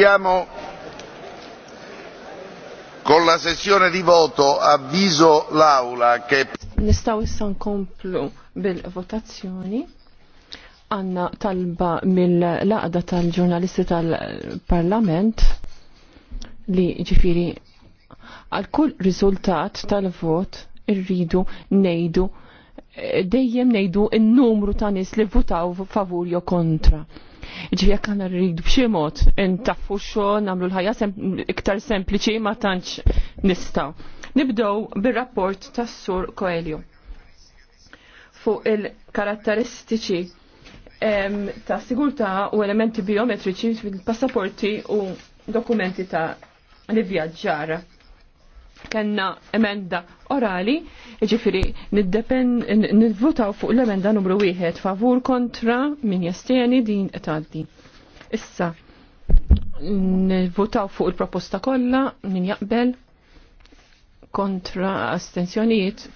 Procediamo con la sessione di voto. Avviso l'Aula che. Nistaw issa nkomplu bil-votazzjoni. Għanna talba mill-laqda tal-ġurnalisti tal-Parlament li ġifiri għal kull riżultat tal-vot irridu nejdu dejjem nejdu n-numru ta' nis li votaw favur jo kontra. Ġi jekk rridu bximot, intaffu xo, namlu l-ħajja iktar sempliċi ma tantx nistaw. Nibdow bir-rapport tas sur Koelio fuq il-karatteristiċi ta' sigurta u elementi biometriċi fil-passaporti u dokumenti ta' li vjaġġar Kenna emenda orali, ġifiri nivvutaw fuq l-emenda numru wieħed favur kontra min jastieni din tgħaddi. Issa nivvutaw fuq il-proposta kollha min jaqbel kontra astensjonijiet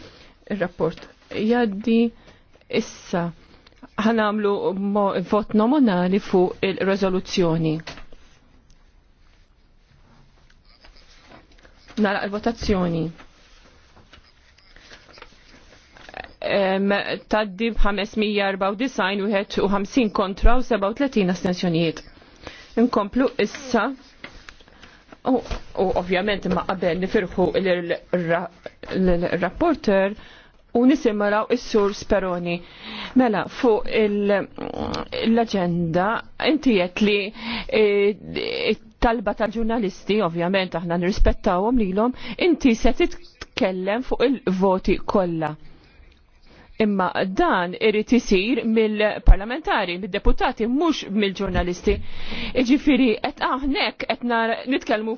ir-rapport jaddi issa ħanamlu vot nominali fuq il-rezoluzzjoni. nara il-votazzjoni. Taddi b'594 u 50 kontra u 37 astensjonijiet. Inkomplu issa u ovvjament imma qabel nifirħu l-rapporter u nisimraw is-sur Speroni. Mela, fuq l-agenda inti qed li eh, talba tal-ġurnalisti, ovvjament aħna nirrispettawhom lilhom, inti se titkellem fuq il-voti kollha. Imma dan irid isir mill-parlamentari, mid-deputati, mhux mill-ġurnalisti. Iġifieri qed aħnek qed nitkellmu